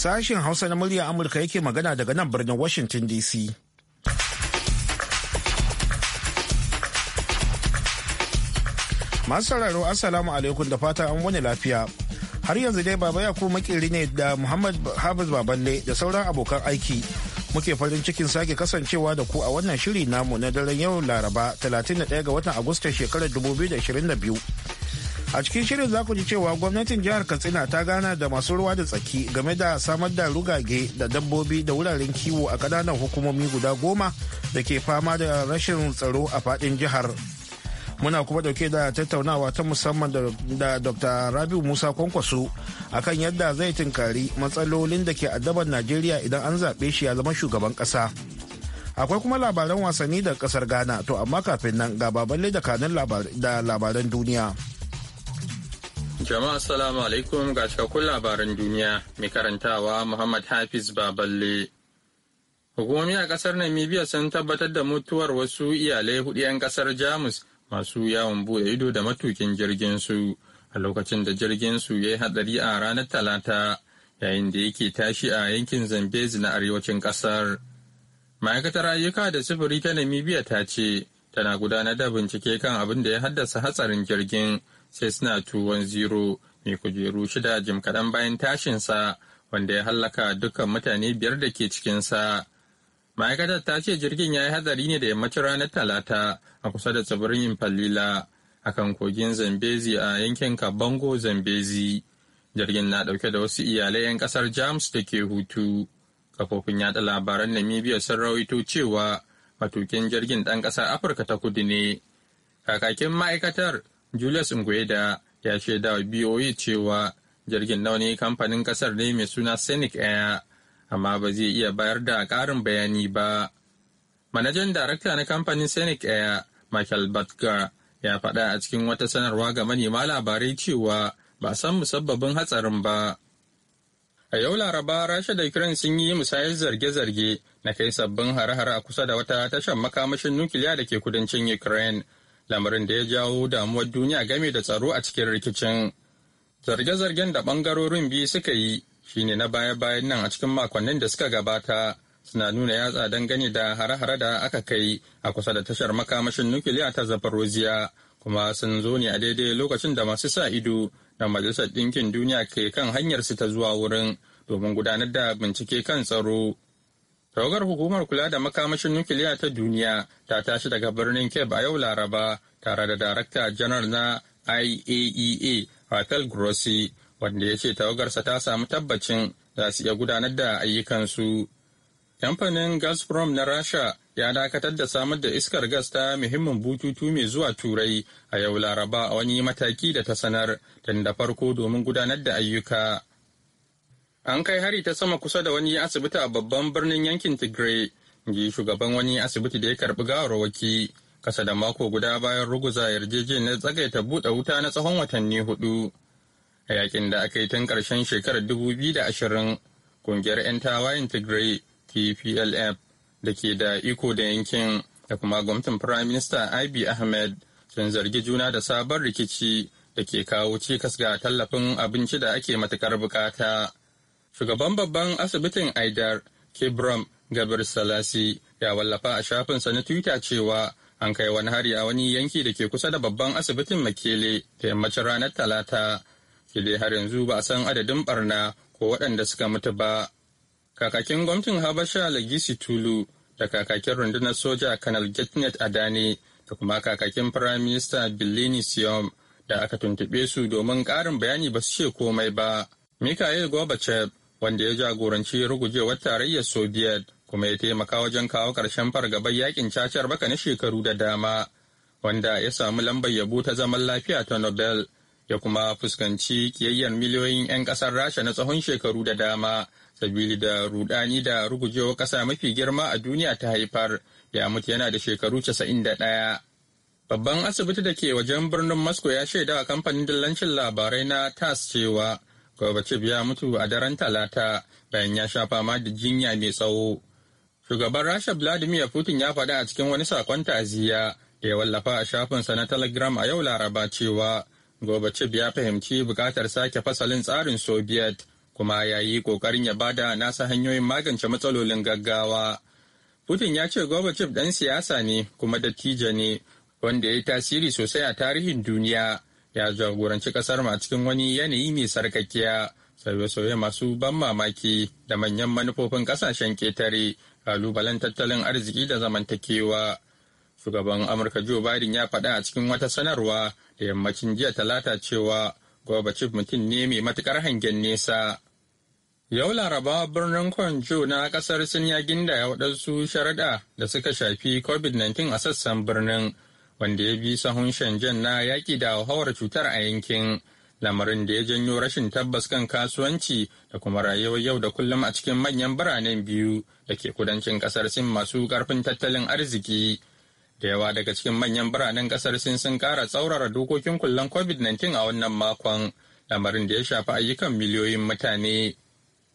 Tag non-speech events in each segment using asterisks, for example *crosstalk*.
Sashen Hausa na murya Amurka yake magana daga nan birnin Washington DC. Masu sauraro Assalamu alaikum da fata an wani lafiya. Har yanzu dai Baba Yakubu makiri ne da Muhammad Hafiz Baballe da sauran abokan aiki. Muke farin cikin sake kasancewa da ku a wannan shiri namu na daren yau Laraba 31 ga watan Agusta shekarar 2022. a cikin shirin za ku ji cewa gwamnatin jihar katsina ta gana da masu ruwa da tsaki game da samar da rugage da dabbobi da wuraren kiwo a kananan hukumomi guda goma da ke fama da rashin tsaro a fadin jihar muna kuma dauke da tattaunawa ta musamman da dr rabiu musa kwankwaso akan yadda zai tunkari matsalolin da ke addaban najeriya idan an zaɓe shi ya zama shugaban ƙasa akwai kuma labaran wasanni da ƙasar ghana to amma kafin nan ga baballe da kanin labaran duniya Jama'a as-salamu alaikum ga cikakkun labaran duniya mai karantawa Muhammad Hafiz Baballe. Hukumomi a kasar Namibia sun tabbatar da mutuwar wasu iyalai hudu 'yan kasar Jamus masu yawon bude ido da matukin jirgin su a lokacin da jirgin su ya yi hadari a ranar Talata yayin da yake tashi a yankin Zambezi na arewacin kasar. Ma'aikatar ayyuka da sufuri ta Namibia ta ce tana gudanar da bincike kan abin da ya haddasa hatsarin jirgin sai suna tuwon ziro mai kujeru shida jim kaɗan bayan tashinsa wanda ya hallaka dukkan mutane biyar da ke cikinsa. Ma'aikatar ta ce jirgin ya yi hadari ne da yammacin ranar Talata a kusa da tsibirin falila a kan kogin Zambezi a yankin Kabango Zambezi. Jirgin na ɗauke da wasu iyalai 'yan ƙasar Jamus da ke hutu. Kafofin yada labaran Namibia sun rawaito cewa matukin jirgin ɗan ƙasar Afirka ta kudu ne. Kakakin ma'aikatar Julius Ngweda ya shaida wa BOE cewa jirgin na wani kamfanin kasar ne mai suna Scenic Air, amma ba zai iya bayar da karin bayani ba. Manajan darakta na kamfanin Scenic Air, Michael batka ya faɗa a cikin wata sanarwa ga manema labarai cewa ba san musabbabin hatsarin ba. A yau Laraba, Rasha da Ukraine sun yi musayar zarge-zarge na kai sabbin hare-hare a kusa da wata tashar makamashin nukiliya da ke kudancin Ukraine lamarin da ya jawo damuwar duniya game da tsaro a cikin rikicin. Zarge-zargen da bangarorin biyu suka yi shine na baya-bayan nan a cikin makonnin da suka gabata suna nuna yatsa don gani da hare-hare da aka kai a kusa da tashar makamashin nukiliya ta Zaporozhye kuma sun zo ne a daidai lokacin da masu sa ido da Majalisar Ɗinkin Duniya ke kan hanyar su ta zuwa wurin domin gudanar da bincike kan tsaro. Tawagar hukumar kula da makamashin nukiliya ta duniya ta tashi daga birnin Cape a yau Laraba tare da Darakta Janar na IAEA e Rafael Grossi wanda ya ce tawagarsa ta samu tabbacin za su iya gudanar da ayyukansu. Kamfanin Gazprom na Rasha ya dakatar da samar da iskar gas ta muhimmin bututu mai zuwa Turai a yau Laraba a wani mataki da ta sanar da farko domin gudanar da ayyuka. An kai hari ta sama kusa da wani asibiti a babban birnin yankin Tigray, ji shugaban wani asibiti da ya karbi gawarwaki kasa da mako guda bayan ruguza yarjejeniyar tsagaita buɗe wuta na tsawon watanni hudu. A yakin da aka yi tun ƙarshen shekarar dubu biyu da ashirin, ƙungiyar 'yan tawayen Tigray TPLF da ke da iko da yankin da kuma gwamnatin Prime Minister Abiy Ahmed sun zargi juna da sabon rikici da ke kawo cikas ga tallafin abinci da ake matuƙar buƙata. Shugaban babban asibitin Aidar Kibram Gabir Salasi ya wallafa a shafinsa na Twitter cewa an kai wani hari a wani yanki da ke kusa da babban asibitin Makele da yammacin ranar Talata. Kide har yanzu ba a san adadin barna ko waɗanda suka mutu ba. Kakakin gwamnatin Habasha Lagisi Tulu da kakakin rundunar soja Kanal Getnet a da kuma kakakin Prime Minister Bilini Siyom da aka tuntuɓe su domin ƙarin bayani ba su ce komai ba. Mikhail Gorbachev wanda ya jagoranci rugujewar tarayyar soviet kuma ya taimaka wajen kawo ƙarshen fargabar yakin cacar baka na shekaru da dama wanda ya samu lambar yabo ta zaman lafiya ta nobel ya kuma fuskanci kiyayyar miliyoyin 'yan ƙasar rasha na tsawon shekaru da dama sabili da rudani da rugujewar ƙasa mafi girma a duniya ta haifar ya mutu yana da shekaru 91 babban asibiti da ke wajen birnin moscow ya shaida a kamfanin dillancin labarai na tas cewa Gorbachev ya mutu a daren talata bayan ya sha fama da jinya mai tsawo. Shugaban Rasha Vladimir Putin ya faɗa a cikin wani sakon taziya da ya wallafa a shafinsa na Telegram a yau Laraba cewa Gorbachev ya fahimci buƙatar sake fasalin tsarin Soviet kuma ya yi ƙoƙarin ya bada nasa hanyoyin magance matsalolin gaggawa. Putin ya ce Gorbachev ɗan siyasa ne kuma dattijo ne wanda ya yi tasiri sosai a tarihin duniya ya jagoranci kasar a cikin wani yanayi mai sarkakkiya sauye-sauye masu ban mamaki da manyan manufofin kasashen ketare kalubalen tattalin arziki da zamantakewa shugaban amurka joe biden ya faɗa a cikin wata sanarwa da yammacin jiya talata cewa gorbachev mutum ne mai matukar hangen nesa Yau Laraba birnin Kwanjo na kasar Sin ya ginda ya waɗansu sharaɗa da suka shafi COVID-19 a sassan birnin wanda ya bi sahun Shenzhen na yaƙi da hauhawar cutar a yankin lamarin da ya janyo rashin tabbas kan kasuwanci da kuma rayuwar yau da kullum a cikin manyan biranen biyu da ke kudancin kasar Sin masu ƙarfin tattalin arziki. Da yawa daga cikin manyan biranen kasar Sin sun ƙara tsaurara dokokin kullan COVID-19 a wannan makon, lamarin da ya shafi ayyukan miliyoyin mutane.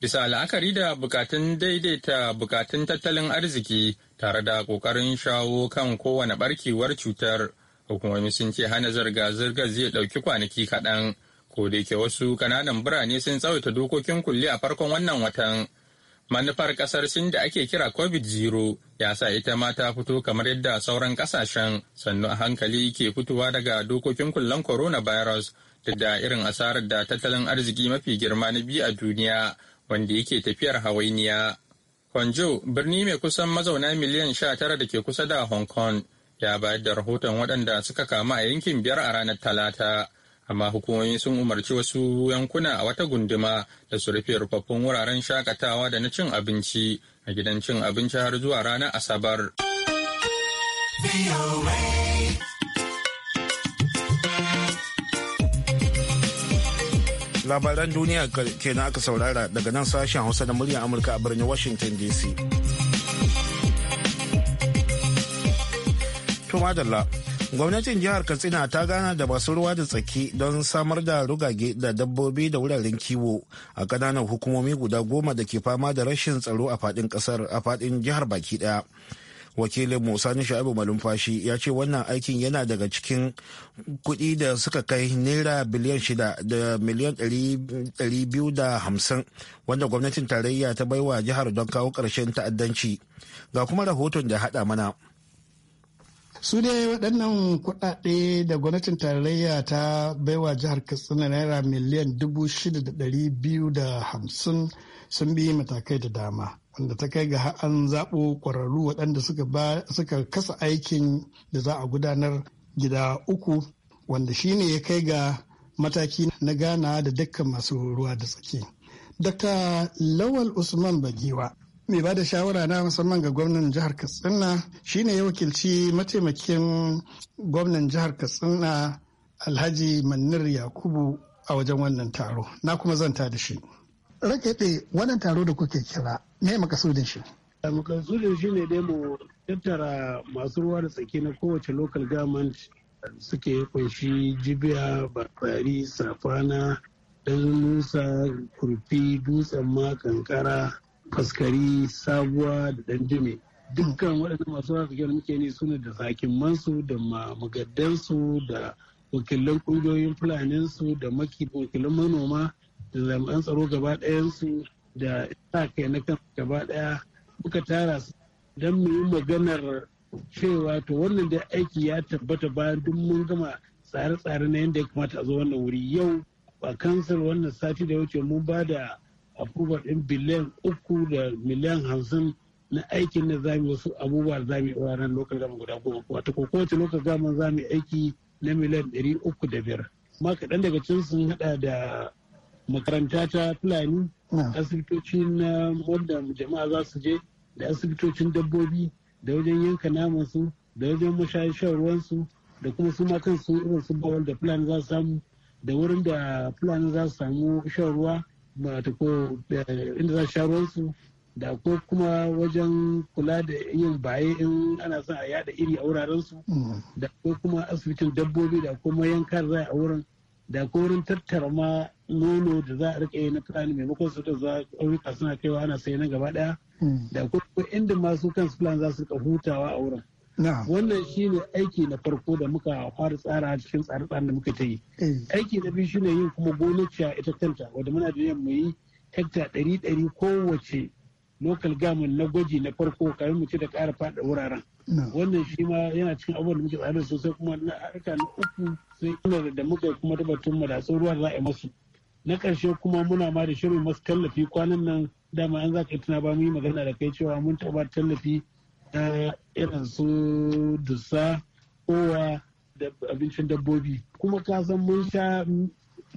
Bisa la'akari da bukatun daidaita bukatun tattalin arziki tare da ƙoƙarin shawo kan kowane ɓarkewar cutar hukumomi sun ce hana zirga-zirgar zai ɗauki kwanaki kaɗan ko da yake wasu ƙananan birane sun tsawaita dokokin kulle a farkon wannan watan manufar ƙasar sin da ake kira covid zero ya sa ita ma ta fito kamar yadda sauran ƙasashen sannu a hankali ke fitowa daga dokokin kullen coronavirus duk da irin asarar da tattalin arziki mafi girma na biyu a duniya wanda yake tafiyar hawainiya Kwanjo, birni mai kusan mazauna miliyan sha tara da ke kusa da Hong Kong ya bayar da rahoton waɗanda suka kamu a yankin biyar a ranar Talata. Amma hukumomi sun umarci wasu yankuna a wata gunduma da su rufe rufaffun wuraren shakatawa da na cin abinci a gidan cin abinci har zuwa ranar Asabar. labaran duniya kenan aka saurara daga nan sashen hausa na muryar amurka a birnin washington dc madalla gwamnatin jihar katsina ta gana da masu ruwa da tsaki don samar da rugage da dabbobi da wuraren kiwo a kananan hukumomi guda goma da ke fama da rashin tsaro a a fadin jihar baki daya wakilin sani sha'ibu malumfashi ya ce wannan aikin yana daga cikin kuɗi da suka kai naira biliyan shida da miliyan ɗari biyu da hamsin wanda gwamnatin tarayya ta baiwa jihar don kawo karshen ta'addanci ga kuma rahoton da haɗa mana su dai waɗannan kuɗaɗe da gwamnatin tarayya ta baiwa jihar katsina naira miliyan dubu shida da ɗari biyu da hamsin sun bi matakai da dama wanda ta kai ga an zaɓo ƙwararru waɗanda suka kasa aikin da za a gudanar gida uku wanda shine ya kai ga mataki na gana da dukkan masu ruwa da tsaki. Dr. Lawal Usman Bagiwa mai ba da shawara na musamman ga gwamnan jihar Katsina shine ya wakilci mataimakin gwamnan jihar Katsina Alhaji Manir Yakubu a wajen wannan taro. Na kuma zanta da shi. rage wannan taro da kuke kira me makasudin shi eh, makasudin shi ne dai mu tattara masu ruwa da tsaki na kowace local government suke kunshi jibiya barbari safana dan musa kurfi dutsen ma kankara faskari sabuwa da dan dume dukkan waɗannan masu ruwa da muke ne suna da hakimansu da magaddansu da wakilan ƙungiyoyin fulaninsu da wakilan manoma da jami'an tsaro gaba ɗayansu da sa kai na kan gaba ɗaya muka tara su don mu yi maganar cewa to wannan da aiki ya tabbata bayan duk mun gama tsare-tsare na yadda ya kamata a zo wannan wuri yau ba kansar wannan sati da wuce mun ba da approval ɗin biliyan uku da miliyan hamsin na aikin na zami wasu abubuwa da zami a ranar lokacin gama guda goma Wata ko kowace lokacin gama zami aiki na miliyan ɗari uku da biyar ma kaɗan daga cikin sun haɗa da makaranta ta fulani asibitoci na wanda jama'a za su je da asibitocin dabbobi da wajen yanka namansu da wajen mashayi shawarwarsu da kuma su ma kansu irin su bawal da fulani za su samu da wurin da fulani za su samu ba ta ko inda za su ruwansu da ko kuma wajen kula da yin baye in ana son a yada iri a wuraren su mm. da ko kuma asibitin dabbobi da kuma yankar zai a wurin da ko wurin tattara ma nono da za a rika yi na fulani maimakon su da za a suna kaiwa ana sai na gaba daya hmm. da kuma inda masu kan fulani za su rika hutawa a wurin wannan shine aiki na farko da muka fara tsara cikin tsare tsarin da muka ta yi eh. aiki na biyu shine yin kuma gonaciya ita kanta wadda muna da yin mu yi hekta ɗari ɗari kowace lokal gamin na gwaji na farko kamin mu ci da ƙara faɗa wuraren wannan shi ma yana cikin abubuwan da muke tsare sosai kuma na harka na uku sai ina da muka kuma tabbatun mu da ruwa za a yi masu na ƙarshe kuma muna ma da shirin masu tallafi kwanan nan dama an ka tuna ba mu yi magana da kai cewa mun taɓa tallafi na irin su dusa kowa da abincin dabbobi kuma ka san mun sha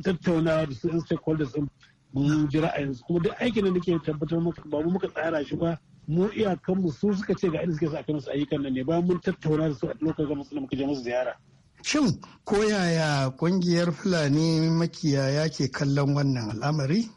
tattaunawa da su yan stakeholders din mun ji su kuma duk aikin da nake tabbatar maka ba mu muka tsara shi ba mu iyakanmu su suka ce ga inda suke sa su ayyukan nan ne ba mun tattauna da su a lokacin da muka je musu ziyara Shin ko yaya kungiyar Fulani makiyaya ke kallon wannan al'amari?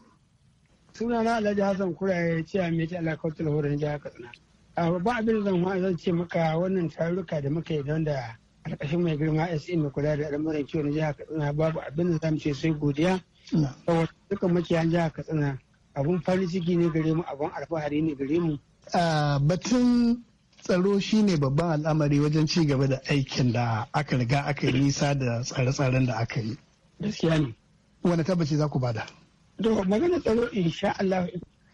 Sunana Alhaji Hassan ya ce a mece alakautar horon jihar Katsina. Ah, ba abin zan zan ce maka wannan taruka da muka yi don da alƙashin mai girma SE mai kula da al'amuran kiwon na jihar Katsina babu abin da zamu ce sai godiya. Saboda dukkan makiyayan jihar Katsina abun farin ciki ne gare mu abun alfahari ne gare mu. Ah, batun tsaro shine babban al'amari wajen ci gaba da aikin da aka riga aka yi nisa da tsare-tsaren da aka yi gaskiya ne wani tabbaci za ku bada to magana tsaro insha Allah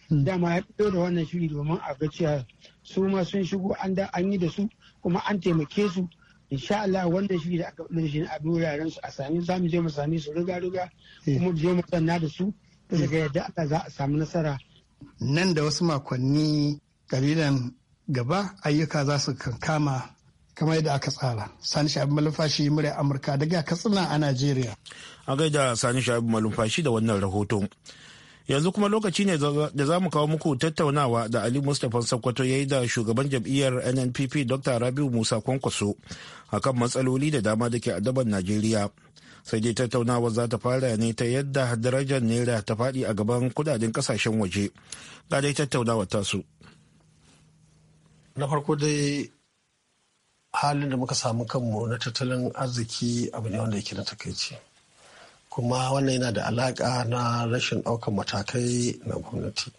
hmm. dama ya fito da wannan shiri domin a ga cewa su ma sun shigo an da an yi da su kuma an taimake su insha Allah wannan shiri da aka da shi a wuraren su a sami za mu je mu sami su riga riga hmm. kuma je mu sanna da su daga hmm. yadda Allah za a samu nasara nan da wasu makonni kabilan gaba ayyuka za su kankama kamar yadda aka tsara sani shabi malumfashi murya amurka daga katsina a najeriya a gaida sani shabi malumfashi da wannan rahoton yanzu kuma lokaci ne da za mu kawo muku tattaunawa da ali mustapha sokoto ya yi da shugaban jam'iyyar nnpp dr rabiu musa kwankwaso akan matsaloli da dama da ke adaban najeriya sai dai Tattaunawa za ta fara ne ta yadda darajar naira ta faɗi a gaban kudaden kasashen waje ga dai tattaunawar tasu. na farko dai halin da muka samu kanmu na tattalin arziki abu ne wanda yake na takaici kuma wannan yana da alaƙa na rashin ɗaukan matakai na gwamnati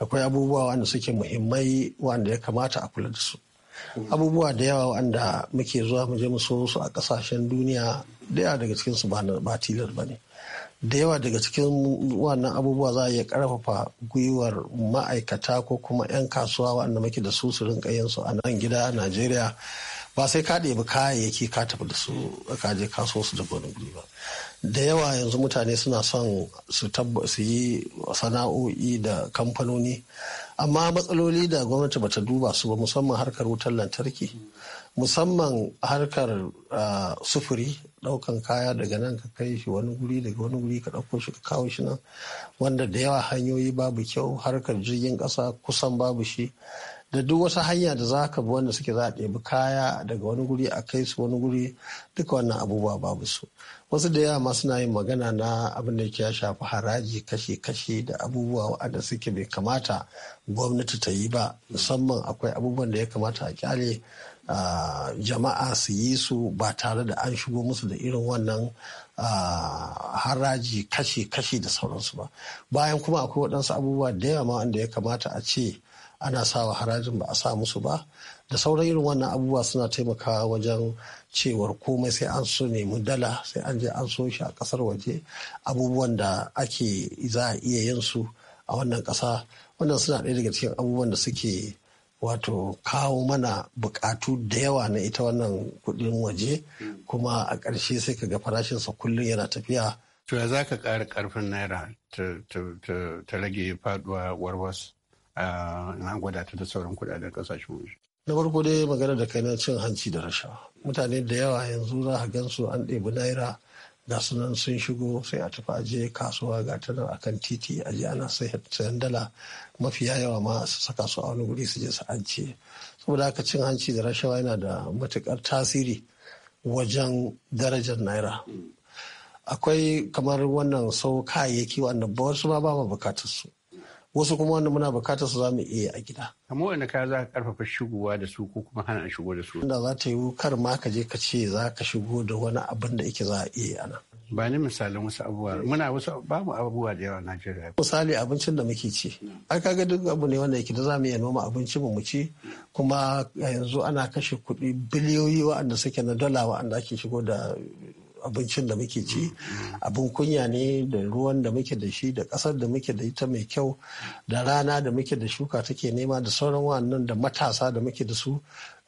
akwai abubuwa wanda suke muhimmai wanda ya kamata a kula da su abubuwa da yawa wanda muke zuwa mu je mu so su a kasashen duniya daya daga cikinsu su ba tilar ba ne da yawa daga cikin wannan abubuwa za a iya karfafa gwiwar ma'aikata ko kuma 'yan kasuwa wanda muke da su su rinka yin a nan gida a najeriya ba sai ka ɗebi kayayyaki ka tafi da su ka je su da wani gwiwa ba da yawa yanzu mutane suna son su su yi sana'o'i da kamfanoni amma matsaloli da gwamnati bata duba su ba musamman harkar wutar lantarki musamman harkar ah, sufuri daukan kaya daga nan ka kai shi wani guri daga wani guri ka dauko shi ka kawo shi nan wanda da yawa hanyoyi babu kyau harkar jirgin kasa kusan babu shi da duk wata hanya da za ka bi wanda suke za a ɗebi kaya daga wani guri a kai su wani guri duka wannan abubuwa babu su wasu da yawa masu na yin magana na abin da ya shafi haraji kashe-kashe da abubuwa waɗanda suke bai kamata gwamnati ta yi ba musamman akwai abubuwan da ya kamata a kyale jama'a su yi su ba tare da an shigo musu da irin wannan haraji kashe-kashe da sauransu ba bayan kuma akwai waɗansu abubuwa da yawa wanda ya kamata a ce ana sawa harajin ba a sa musu ba da sauran irin wannan abubuwa suna taimakawa wajen cewar komai sai an so nemi dala sai an je an so shi a kasar waje abubuwan da ake za a iya yin su a wannan ƙasa wannan suna ɗaya daga cikin abubuwan da suke wato kawo mana bukatu da yawa na ita wannan kudin waje hmm. kuma a ƙarshe sai ka ga farashinsa kullum yana tafiya. To za ka ƙara ƙarfin naira ta rage faduwa warwas na gwada ta da sauran kudaden ƙasashen waje. Na farko dai magana da kai na cin hanci da rashawa. Mutane da yawa yanzu za a gansu an ɗebi naira ga su nan sun shigo sai a tafi aje kasuwa ga ta nan akan titi a je ana sayan dala mafiya yawa ma su saka su a wani guri su je su ance saboda haka cin hanci da rashawa yana da matukar tasiri wajen darajar naira mm. akwai kamar wannan sau kayayyaki wanda ba wasu ma ba ma bukatar su wasu kuma wanda muna bukatar su za mu iya a gida. kamar wanda ka za ka karfafa shigowa da su ko kuma hana shigo da su. inda za ta yi kar ma ka je ka ce za ka shigo da wani abin da yake za a iya ana. ba ni misalin wasu abubuwa muna wasu ba mu abubuwa da yawa Najeriya. misali abincin da muke ci ai kaga duk abu ne wanda yake da za mu iya noma abinci mu ci kuma yanzu ana kashe kuɗi biliyoyi waanda suke na dala waɗanda ake shigo da abincin da muke ci mm, mm. abin kunya ne da ruwan da muke da shi da ƙasar da muke da ita mai kyau da rana da muke da shuka take nema da sauran wannan da matasa da muke da su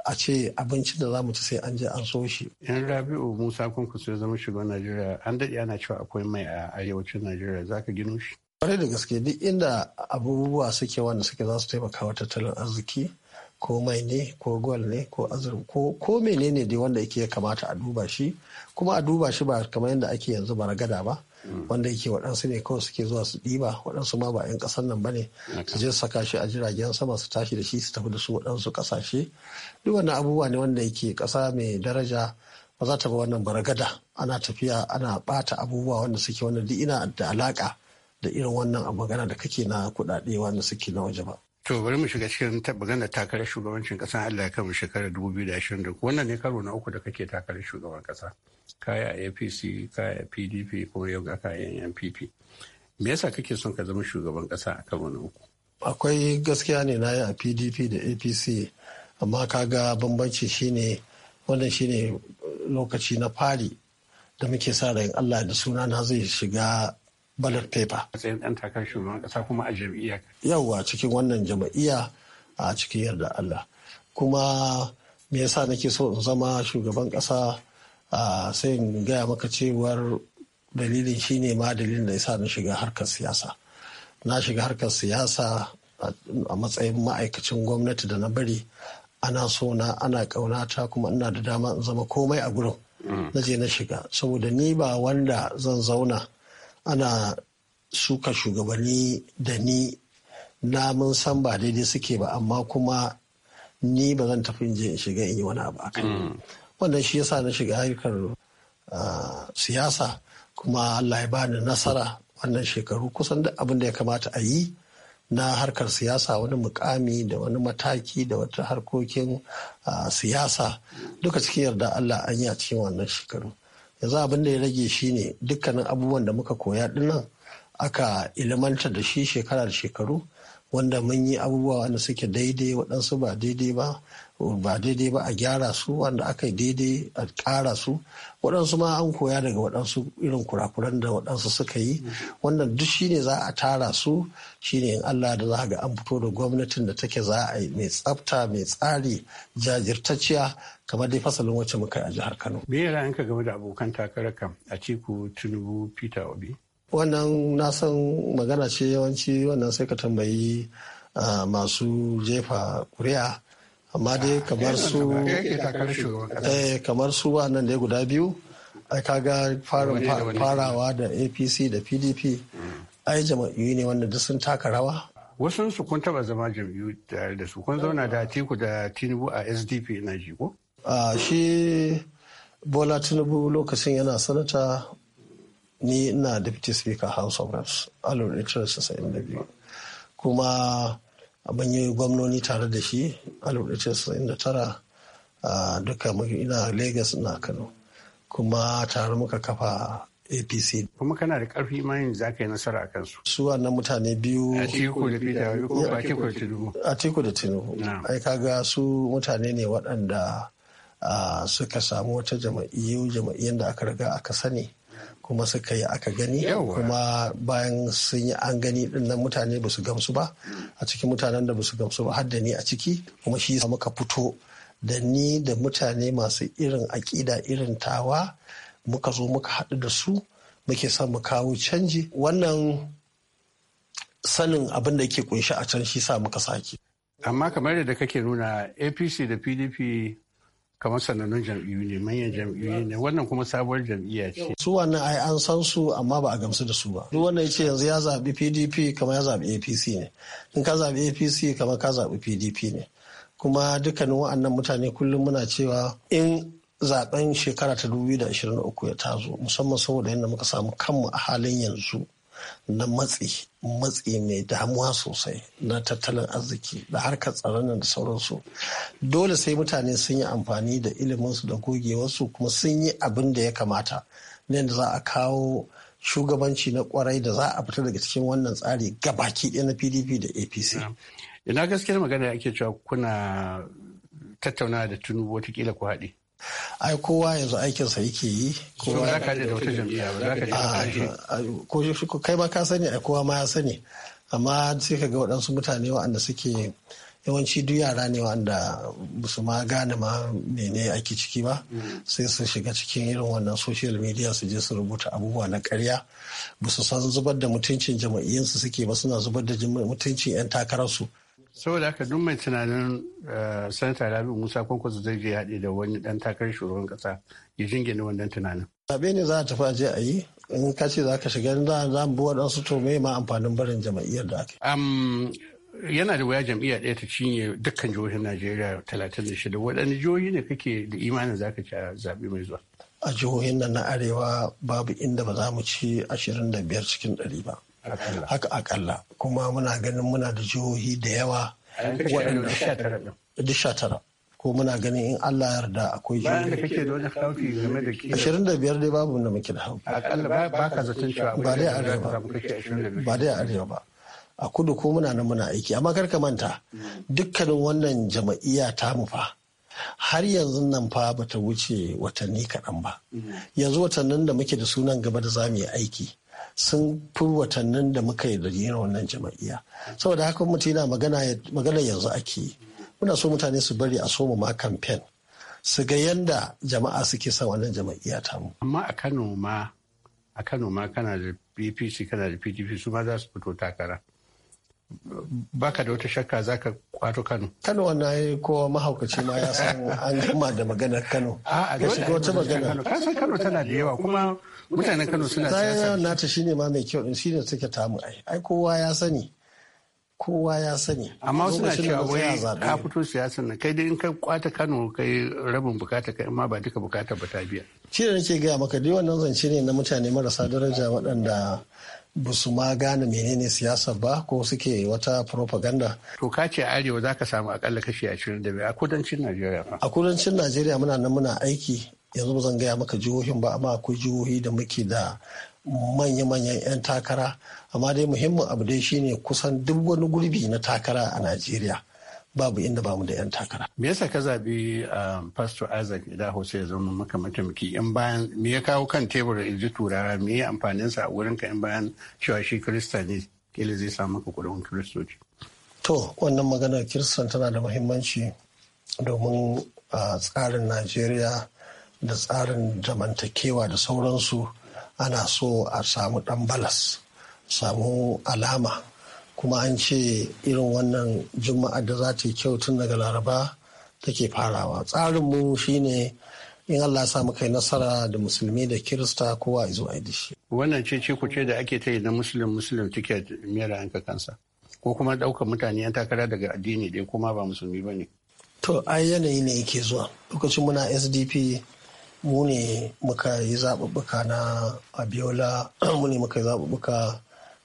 a ce abincin da za mu ci sai an je an so shi. yan rabi'u musa kunku sai zama shugaban najeriya an daɗe ana cewa akwai mai a arewacin najeriya za ka gino shi. kwarai da gaske duk inda abubuwa suke wanda suke za su taimaka wa tattalin arziki ko mai ne ko gol ne ko azur ko ko menene dai wanda yake kamata a duba shi kuma a duba shi ba kamar yadda ake yanzu ba ragada ba hmm. wanda yake waɗansu ne kawai suke zuwa su ɗiba waɗansu ma ba 'yan ƙasar nan ba ne su je saka shi a jiragen sama su tashi da shi su tafi da su waɗansu ƙasashe duk wani abubuwa ne wanda yake ƙasa mai daraja ba za ta ba wannan baragada ana tafiya ana ɓata abubuwa wanda suke wanda duk ina da alaƙa da irin wannan magana da kake na kuɗaɗe wanda suke na waje ba. To bari mu shiga cikin tabbaganda takarar shugabancin kasa Allah ya kama shekarar 2023 wannan ne karo na uku da kake takarar shugaban kasa kaya APC kaya PDP ko yau ga kayan NPP me yasa kake son ka zama shugaban kasa a karo na uku akwai gaskiya ne na yi a PDP da APC amma kaga bambanci shine wannan shine lokaci na fari da muke sa ran Allah da suna na zai shiga ballot paper. Matsayin ɗan takarar shugaban ƙasa kuma a jam'iyya. Yawwa cikin wannan jam'iyya a cikin yarda Allah. Kuma me yasa nake so in zama shugaban ƙasa sai in gaya maka cewar dalilin shi ne ma dalilin da yasa na shiga harkar siyasa. Na shiga harkar siyasa a matsayin ma'aikacin gwamnati da na bari ana so na ana ƙaunata kuma ina da dama in zama komai a gurin. Mm. Na je na shiga saboda ni ba wanda zan zauna ana suka shugabanni da ni na mun san ba daidai suke ba amma kuma ni ba zan tafi je in shiga in yi wani abu a mm. wannan shi yasa na shiga harkar ah, siyasa kuma Allah ya bani nasara wannan shekaru kusan duk abin da ya kamata a yi na harkar siyasa wani mukami da wani mataki da wata harkokin ah, siyasa duka cikin yarda Allah an yi a cikin wannan shekaru. yanzu abin da ya rage shi ne dukkanin abubuwan da muka koya dinnan aka ilimantar da shi shekara da shekaru wanda mun yi abubuwa wanda suke daidai waɗansu ba daidai ba ba daidai ba a gyara su wanda aka yi daidai a ƙara su waɗansu ma an koya daga waɗansu irin kurakuran da waɗansu suka yi wannan duk shine za a tara su shine in Allah da za ga an fito da gwamnatin da take za a yi mai tsafta mai tsari jajirtacciya kamar dai fasalin wacce muka yi a jihar Kano. Me yanka game da abokan takarar kam a ciku Tinubu Peter Obi? Wannan na san magana ce yawanci wannan sai ka tambayi ah, masu jefa ƙuri'a. amma dai kamar su eh, kamar su nan da guda biyu ai kaga farawa da apc da pdp ai jama'iyyu ne wanda duk sun taka rawa wasu su kun taba zama jam'iyyu tare da su kun zauna da tiku da tinubu a sdp na ji ko a shi bola tinubu lokacin yana sanata ni ina deputy speaker house of reps alur biyu kuma abin yi gwamnoni tare da shi tara a duka ina lagos na kano kuma tare muka kafa apc kuma kana da karfi mayin za ka yi nasara a kansu su wannan mutane biyu a teku da tinubu ai kaga su mutane ne waɗanda suka samu wata jama'iyyu jama'iyyar da aka riga aka sani kuma suka yi aka gani kuma bayan sun yi an gani dinnan mutane ba su gamsu ba a cikin mutanen da ba su gamsu ba har da ni a ciki kuma shi muka fito da ni da mutane masu irin aƙida irin tawa muka zo muka haɗu da su muke son mu kawo canji wannan sanin abin da ke kunshi a can shi sa muka sake. amma kamar da kake nuna apc da pdp kamar sanannun jam'iyyu ne manyan jam'iyyu ne wannan kuma sabuwar jam'iyya ce su wannan ai an san su amma ba a gamsu da su ba duk wanda ya ce yanzu ya zaɓi pdp kamar ya zaɓi apc ne in ka zaɓi apc kamar ka zaɓi pdp ne kuma dukkanin wa'annan mutane kullum muna cewa in zaben shekara ta 2023 ya tazo musamman saboda yadda muka samu kanmu a halin yanzu na matsi matsi mai damuwa sosai na tattalin arziki da harkar tsaron da sauransu dole sai mutane sun yi amfani da iliminsu da gogewarsu kuma sun yi abin da ya kamata ne da za a kawo shugabanci na kwarai da za a fita daga cikin wannan tsari ga baki ɗaya na pdp da apc ina gaskiyar magana ake cewa kuna tattaunawa da tunubu watakila ku haɗe ai kowa yanzu aikinsa yake yi kowa ya kaje da wata jam'iyya ba za ka kai ba ka sani ai kowa ma ya sani amma sai ka ga waɗansu mutane waɗanda suke yawanci duk yara ne wanda su ma gane ma mene ake ciki ba mm. sai su shiga cikin irin wannan social media su je su rubuta abubuwa na karya ba su san zubar da mutuncin jama'iyyinsu suke ba suna zubar da mutuncin 'yan takararsu saboda haka duk mai tunanin eh, sanata rabi musa kwankwaso zai je haɗe da wani ɗan takarar shugaban ƙasa ya jingina wannan tunanin zaɓe ne za a tafi aje a yi in ka ce za ka shiga za a bi waɗansu to me ma amfanin barin jama'iyyar da ake yana da waya jam'iyya ɗaya ta cinye dukkan jihohin najeriya talatin da shida waɗanne jihohi ne kake da imanin za ka ci a zaɓe mai zuwa a jihohin nan na arewa babu inda ba za mu ci ashirin da biyar cikin ɗari ba haka akalla kuma muna ganin muna da jihohi da yawa waɗanda duk sha tara ko muna ganin in Allah yarda akwai jihohi bayan da kake da wani hauki game da ke ashirin da biyar dai babu da muke da hauki akalla ba ka zaton cewa ba dai arewa ba dai arewa ba a kudu ko muna nan muna aiki amma kar ka manta dukkanin wannan jama'iya ta mu fa har yanzu nan fa bata wuce watanni kaɗan ba mm. yanzu watannin da muke da sunan gaba da zamu yi aiki sun fi watannin da muka yi da yin wannan jama'iyya saboda haka mutum yana magana yanzu ake yi muna so mutane su bari a soma ma kamfen su ga yanda jama'a suke son wannan jama'iyya ta mu amma a Kano ma a Kano ma kana da bpc kana da PDP su ma za su fito takara baka da wata shakka za ka kwato Kano. Kano wannan ko mahaukaci ma ya san an gama da maganar Kano. A'a, ga wata magana. Kano tana da yawa kuma mutanen Kano suna siyasa nata shine ma mai kyau shine take tamu ai ai kowa ya sani kowa ya sani amma wasu na cewa wai ka fito siyasar nan kai dai in ka kwata Kano kai rabin bukata kai amma ba duka bukata ba ta biya shi da nake gaya maka dai wannan zance ne na mutane marasa daraja waɗanda ba su ma gane menene siyasa ba ko suke wata propaganda. To ka ce arewa za ka samu akalla kashi ashirin da biyar a kudancin Najeriya fa. A kudancin Najeriya muna nan muna aiki yanzu ba zan gaya maka jihohin ba amma akwai jihohi da muke da manya-manyan 'yan takara amma dai muhimmin abu dai shine kusan duk wani gurbi na takara a najeriya babu inda bamu da 'yan takara. Me yasa ka zabi um, Pastor Isaac Idaho sai ya zama maka mataimaki in bayan me ya kawo kan tebur in ji turawa me ya amfanin sa a wurin ka in bayan cewa shi Kirista ne kila zai sa maka kudin Kiristoci. To wannan maganar Kiristan tana da muhimmanci domin uh, tsarin Najeriya da tsarin zamantakewa da sauransu ana so a samu ɗan balas samu alama kuma an ce irin wannan juma'a da za ta yi kyau tun daga laraba take farawa tsarinmu shine in allah sa mu kai nasara da musulmi da kirista kowa izo a shi wannan ce ce kuce da ake ta yi na musulun musulun ticket mera yanka kansa ko kuma ɗaukar mutane yan takara daga addini dai kuma ba musulmi ba ne to ai yanayi ne yake zuwa lokacin muna sdp mu ne muka yi zaɓuɓɓuka na abiola *clears throat* mu ne muka yi zaɓuɓɓuka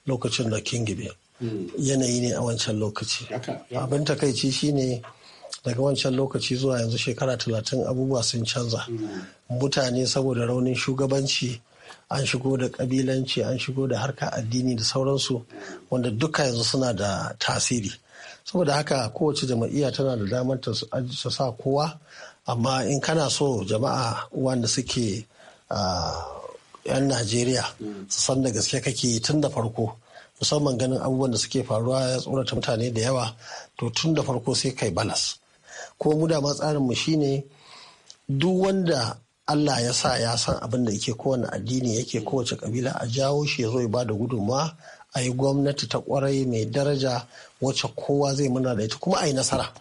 lokacin da gibe hmm. yanayi ne a wancan lokaci abin takaici shine daga wancan lokaci zuwa yanzu shekara talatin abubuwa sun canza hmm. mutane saboda raunin shugabanci an shigo da kabilanci an shigo da harka addini da sauransu hmm. wanda duka yanzu suna da tasiri saboda haka kowace jama'iyya tana da damar ta sa kowa amma in kana so jama'a wanda suke yan najeriya su san da gaske kake tun da farko musamman ganin abubuwan da suke faruwa ya tsorata mutane da yawa to tun da farko sai kai balas ko mu da tsarin mu shine duk wanda Allah ya sa ya san abin da yake kowane addini yake kowace kabila a jawo shi ya zo ya bada gudunmawa a yi gwamnati ta kwarai mai daraja wacce kowa zai muna da ita kuma a yi nasara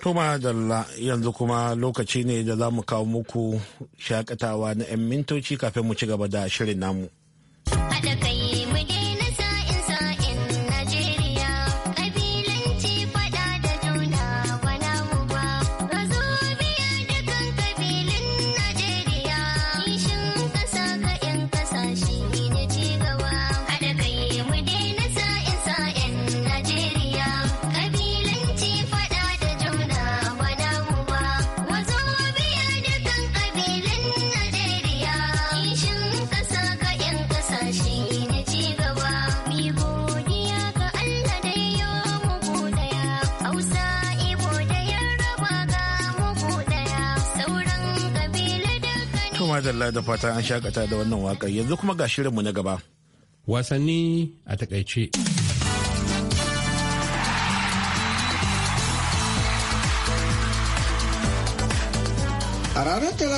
Tuma Dalla yanzu kuma lokaci ne da za mu kawo muku shakatawa na 'yan mintoci kafin mu ci gaba da shirin namu. Haɗa kai Allah da fata an shakata da wannan waƙar yanzu kuma ga shirinmu na gaba. Wasanni a takaice.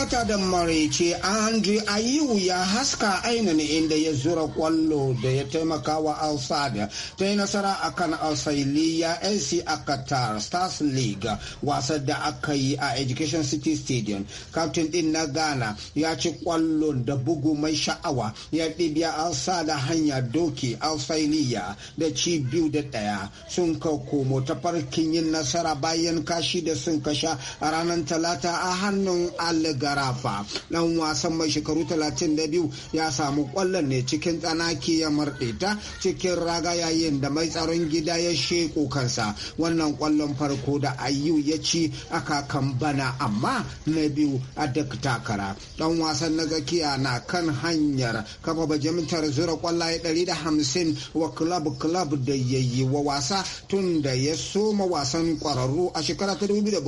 ta da maraice Andrew ayiwu ya haska ainihin inda ya zura kwallo da ya taimaka wa Alsada ta yi nasara akan al ya SC a katar Stars League wasan da aka yi a Education City Stadium. Captain din na Ghana ya ci kwallo da bugu mai sha'awa ya ɗibiya Alsada hanya doki alsailiya ya da ci biyu da ɗaya sun ka komo ta farkin yin nasara bayan kashi da sun kasha a ranar talata a hannun Alga larafa dan wasan mai shekaru 32 ya samu ƙwallon ne cikin tsanaki ya marɗe ta cikin raga yayin da mai tsaron gida ya sheko kansa wannan kwallon farko da ayu ya ci aka kan bana amma na biyu a duk takara dan wasan na gakiya na kan hanyar kafa bajimtar zura kwallaye 150 wa club club da yayi wa wasa tun da ya soma wasan ƙwararru a shekara ta 2007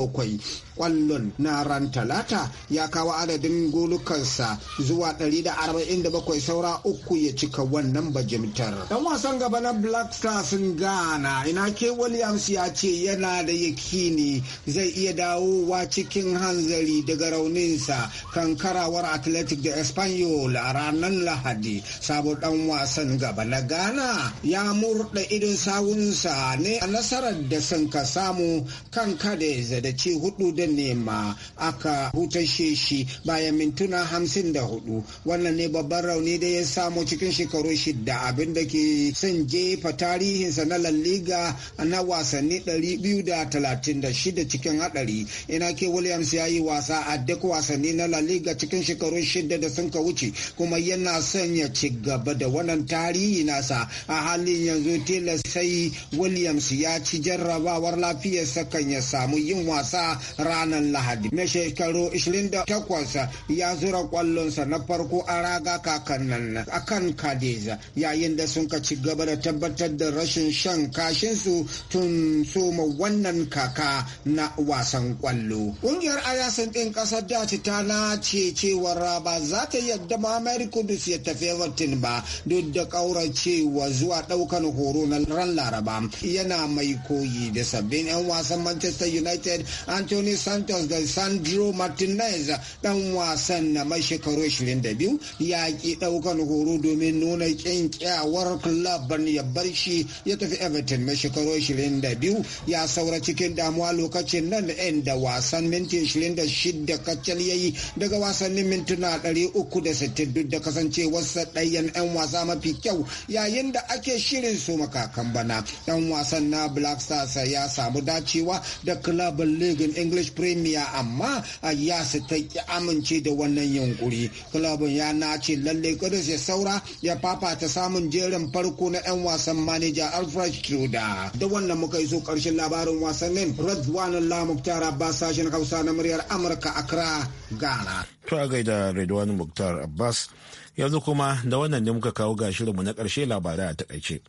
kwallon na ran talata ya kawo adadin golukansa zuwa 147 saura uku ya cika wannan bajimtar dan wasan gaba na black stars ghana ina ke williams ya ce yana da yakini zai iya dawowa cikin hanzari daga rauninsa kan karawar athletic da espanyol a ranar lahadi sabon dan wasan gaba na ghana ya murda idon sawunsa ne a nasarar da sun ka samu kan kadez da ce hudu da da nema aka hutashe shi bayan mintuna hamsin da hudu wannan ne babban rauni da ya samu cikin shekaru shida abin da ke son jefa tarihinsa na lalliga na wasanni 236 cikin hadari ina ke williams ya yi wasa a duk wasanni na lalliga cikin shekaru shida da sun ka wuce kuma yana son ya ci gaba da wannan tarihi nasa a halin yanzu tilas sai williams ya ci jarrabawar lafiyarsa kan ya samu yin wasa ranar Lahadi. na shekaru 28 ya zura kwallonsa na farko a raga kakan nan a kan Kadeza yayin da sun ci gaba da tabbatar da rashin shan kashinsu tun soma wannan kaka na wasan kwallo. Ƙungiyar ayasin ɗin ƙasar Daci ta nace cewa raba za ta yadda Mamayar Kudus ya tafi Everton ba duk da ƙauracewa zuwa ɗaukan horo na ran Laraba yana mai koyi da sabbin 'yan wasan Manchester United Anthony santos da sandro martinez dan wasan na mai shekaru 22 ya ki daukan horo domin nuna kyawar club ya bar shi ya tafi everton mai shekaru 22 ya saura cikin damuwa lokacin nan en da wasan minti 26 kacal yayi daga wasannin mintuna 360 duk da kasancewarsa ɗayan 'yan wasa mafi kyau yayin da ake shirin su makakan bana dan wasan na black stars ya samu dacewa da club league english premier amma a ya su ta ki amince da wannan yunkuri kulabun ya nace lalle kudus ya saura ya fafata samun jerin farko na 'yan wasan manager alfred truda da wannan muka iso karshen labarin wasannin radwan lamuktar abbas sashen hausa na muryar amurka accra ghana to a gaida radwan muktar abbas yanzu kuma da wannan ne muka kawo ga shirinmu na karshe labarai a takaice.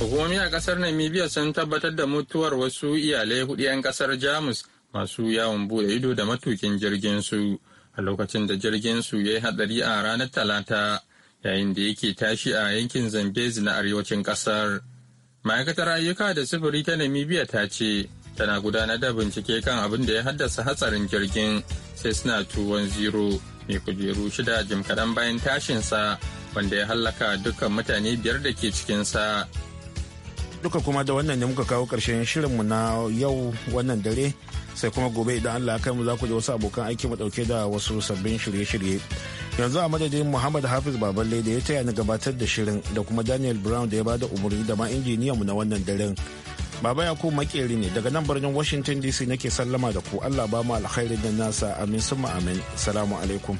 Hukumomi a kasar Namibia sun tabbatar da mutuwar wasu iyalai hudu 'yan kasar Jamus masu yawon bude ido da matukin jirgin su a lokacin da jirgin su ya yi hadari a ranar Talata yayin da yake tashi a yankin Zambezi na arewacin kasar. Ma'aikatar ayyuka da sufuri ta Namibia ta ce tana gudanar da bincike kan abin da ya haddasa hatsarin jirgin sai suna tuwon zero mai kujeru shida jim kaɗan bayan sa wanda ya hallaka dukkan mutane biyar da ke cikin sa. duka kuma da wannan ne muka kawo ƙarshen shirinmu na yau wannan dare sai kuma gobe idan Allah kai mu za ku ji wasu abokan aiki mu dauke da wasu sabbin shirye-shirye yanzu a madadin Muhammad Hafiz Baballe da ya taya ni gabatar da shirin da kuma Daniel Brown da ya bada umarni da ma mu na wannan daren Baba Yakubu makeri ne daga nan birnin Washington DC nake sallama da ku Allah ba mu alkhairin da nasa amin summa amin salamu alaikum